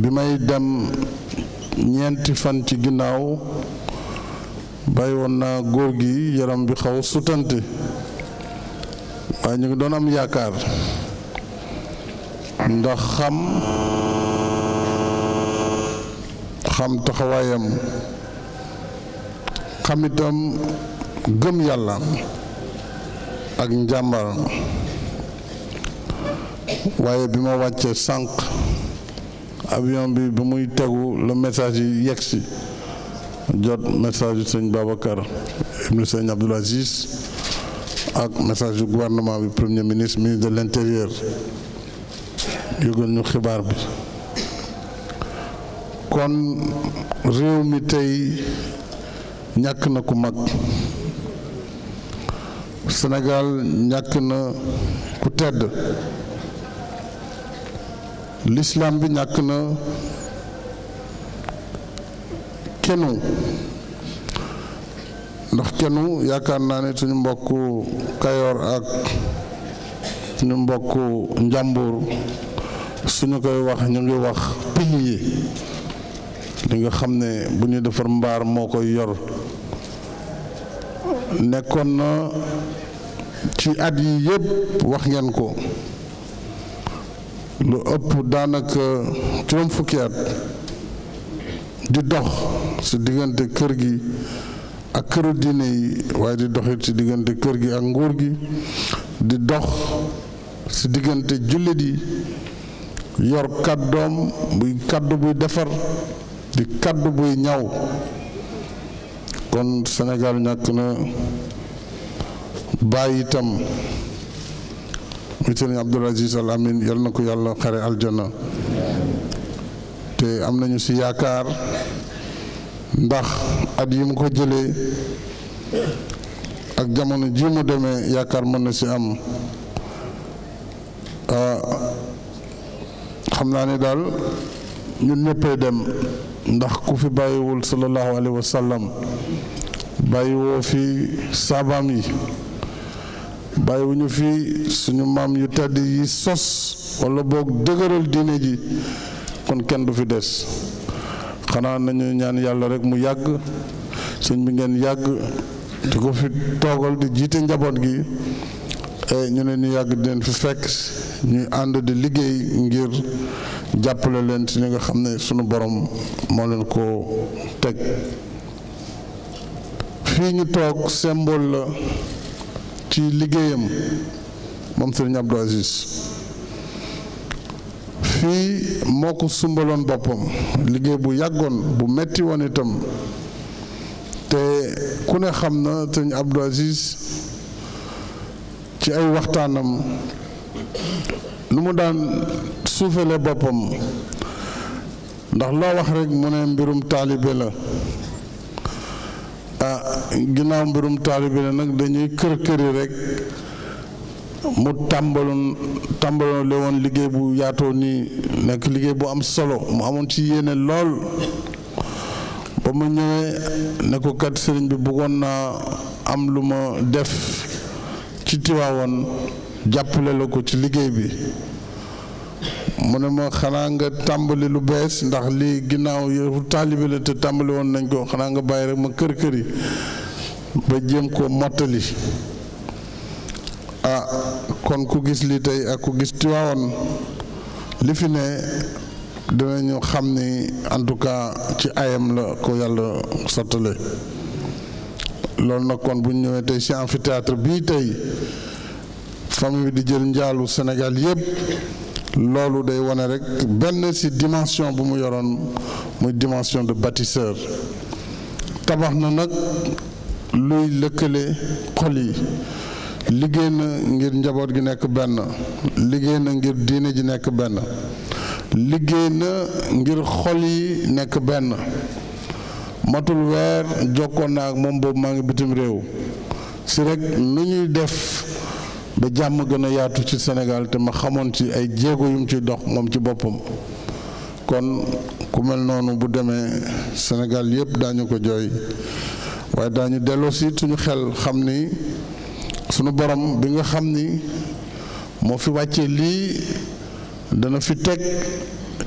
bi may dem ñeenti fan ci ginnaaw bay woon naa góor gi yaram bi xaw sutante waaye ñu ngi doon am yaakaar ndax xam xam taxawaayam xamitam gëm yàlla ak njàmbar waaye bi ma wàccee sànq avion bi bi muy tegu la message yi yegsi jot message yu sëñ Babacar ibnu sëñ Abdoul Aziz ak message du gouvernement bi premier ministre de l'intérieur yëgal ñu xibaar bi kon réew mi tey ñàkk na ku mag Sénégal ñàkk na ku tedd l'islam bi ñàkk na kenu ndax kenu yaakaar naa ne suñu mbokku kayoor ak suñu mbokku njàmbur suñu koy wax ñu ngi wax yi li nga xam ne bu ñu defar mbaar moo koy yor nekkoon na ci at yi yëpp wax ngeen ko lu ëpp daanaka juróom fukki at di dox ci diggante kër gi ak këru diine yi waaye di doxit ci diggante kër gi ak nguur gi di dox ci diggante jullit yi yor kàddoom buy kàddu buy defar di kàddu buy ñaw kon Sénégal ñàkk na bàyyi ku ci nañ Abdoul Aziz Al Amin yal na ko yàlla xare aljana te am nañu si yaakaar ndax at yi mu ko jëlee ak jamono jii mu demee yaakaar mën na si am ah, xam naa ne daal ñun ñëppay dem ndax ku fi bàyyiwul sallallahu alayhi wa sallam bàyyiwoo fi saabaam yi bàyyiwuñu fii suñu maam yu tedd yi sos walla boog dëgëral diine ji kon kenn du fi des xanaa nañu ñaan yàlla rek mu yàgg sëñ bi ngeen yàgg di ko fi toogal di jiite njaboot gi eh, ñu ne yàgg di leen fi fekk ñuy ànd di liggéey ngir jàppale leen ci li nga xam ne sunu boroom moo leen ko teg fii ñu toog symbole la ci liggéeyam moom Serigne Abdou Aziz fii moo ko sumbaloon boppam liggéey bu yàggoon bu metti woon itam te ku ne xam na Serigne Abdou Aziz ci ay waxtaanam lu mu daan suufale boppam ndax loo wax rekk mu ne mbirum taalibe la ah ginnaaw mbirum taalibe la nag dañuy kër këri rek mu tàmbaloon liggéey bu yaatoo nii nekk liggéey bu am solo mu amoon ci yéene lool ba mu ñëwee ne ko bi buggoon naa am lu ma def ci Tiwaawoon jàppale la ko ci liggéey bi mu ne ma xanaa nga tàmbali lu bees ndax lii ginnaaw yëfu taalibe la te tàmbali woon nañ ko xanaa nga bàyyi rek ma kër kër yi ba jéem ko mottali ah kon ku gis li tey ak ku gis Tiwaawan li fi ne dinañu xam ni en tout cas ci ayam la ko yàlla sottale loolu nag kon bu ñu ñëwee tey ci amphithéâtre bii tey famille bi di jël njaalu senegal yépp loolu day wane rek benn ci dimension bi mu yoroon muy dimension de bâtisseur tabax na nag luy lëkkale xol yi liggéey na ngir njaboot gi nekk benn liggéey na ngir diine ji nekk benn liggéey ngir xol yi nekk benn matul weer jokkoon na ak moom boobu maa ngi bitim réew si rek nu ñuy def ba jàmm gën a yaatu ci Sénégal te ma xamoon ci ay jéego yu ciy dox moom ci boppam kon ku mel noonu bu demee senegal yépp daañu ko jooy waaye daañu delloosi suñu xel xam ni suñu borom bi nga xam ni moo fi wàccee lii dana fi teg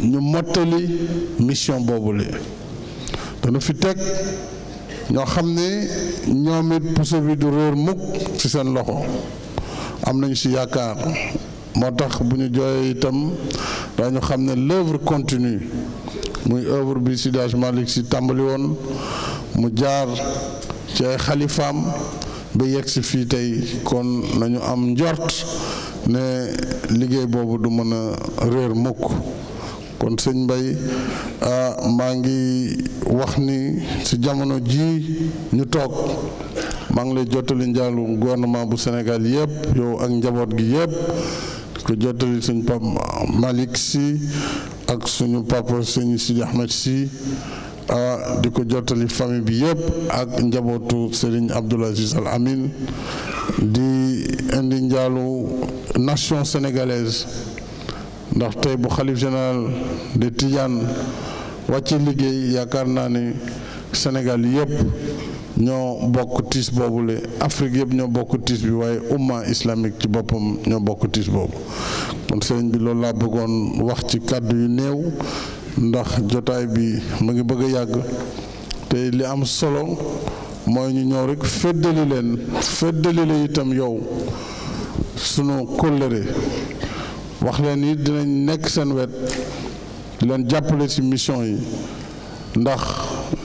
ñu mottali mission boobu li dana fi teg ñoo xam ne ñoom it puso bi du réer mukk ci seen loxo am nañu si yaakaar moo tax bu ñu jooyee itam ñu xam ne l'œuvre continue muy œuvre bi Seydi Hadji Malick Sy tàmbali woon mu jaar ci ay xalifaam ba yegg si fii tey kon nañu am njort ne liggéey boobu du mën a réer mukk kon sëñ mbay ah, maa ngi wax ni ci jamono ji ñu toog maa ngi lay jottali njaalu gouvernement bu Sénégal yëpp yow ak njaboot gi yëpp ko jottali suñu pap Malick si ak suñu papa suñu Sidi Ahmed si ah di ko jottali famille bi yëpp ak njabootu Serigne Abdoul Aziz Al Amin di indi njaalu nation sénégalaise ndax tey bu xalif général de Tidiane wàcce liggéey yaakaar naa ni Sénégal yëpp ñoo bokk tiis boobule Afrique yëpp ñoo bokk tiis bi waaye umma islamique ci boppam ñoo bokk tiis boobu kon sëriñ bi loolu laa bëggoon wax ci kàddu yu néew ndax jotaay bi mu ngi bëgg a yàgg te li am solo mooy ñu ñëw rekk feddali leen la itam yow sunu kóllëre wax leen it dinañ nekk seen wet di leen jàppale ci mission yi ndax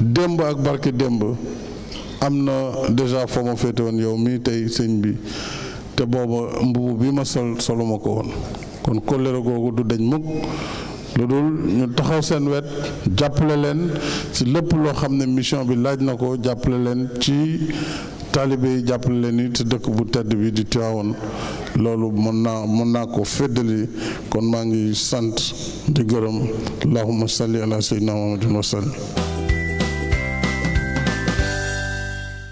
démb ak barke démb am na déjà foo féete woon yow mii tey sëñ bi te booba mbubu bi ma sol soluma ko woon kon kóllëre googu du deñ mukk lu dul ñu taxaw seen wet jàppale leen ci lépp loo xam ne mission bi laaj na ko jàppale leen ci taalibe yi jàppale leen it dëkk bu tedd bi di Tiwaawoon loolu mën naa mën naa ko féddali kon maa ngi sant di gërëm allahumma salli ala sayyidina muhammadin wa sallim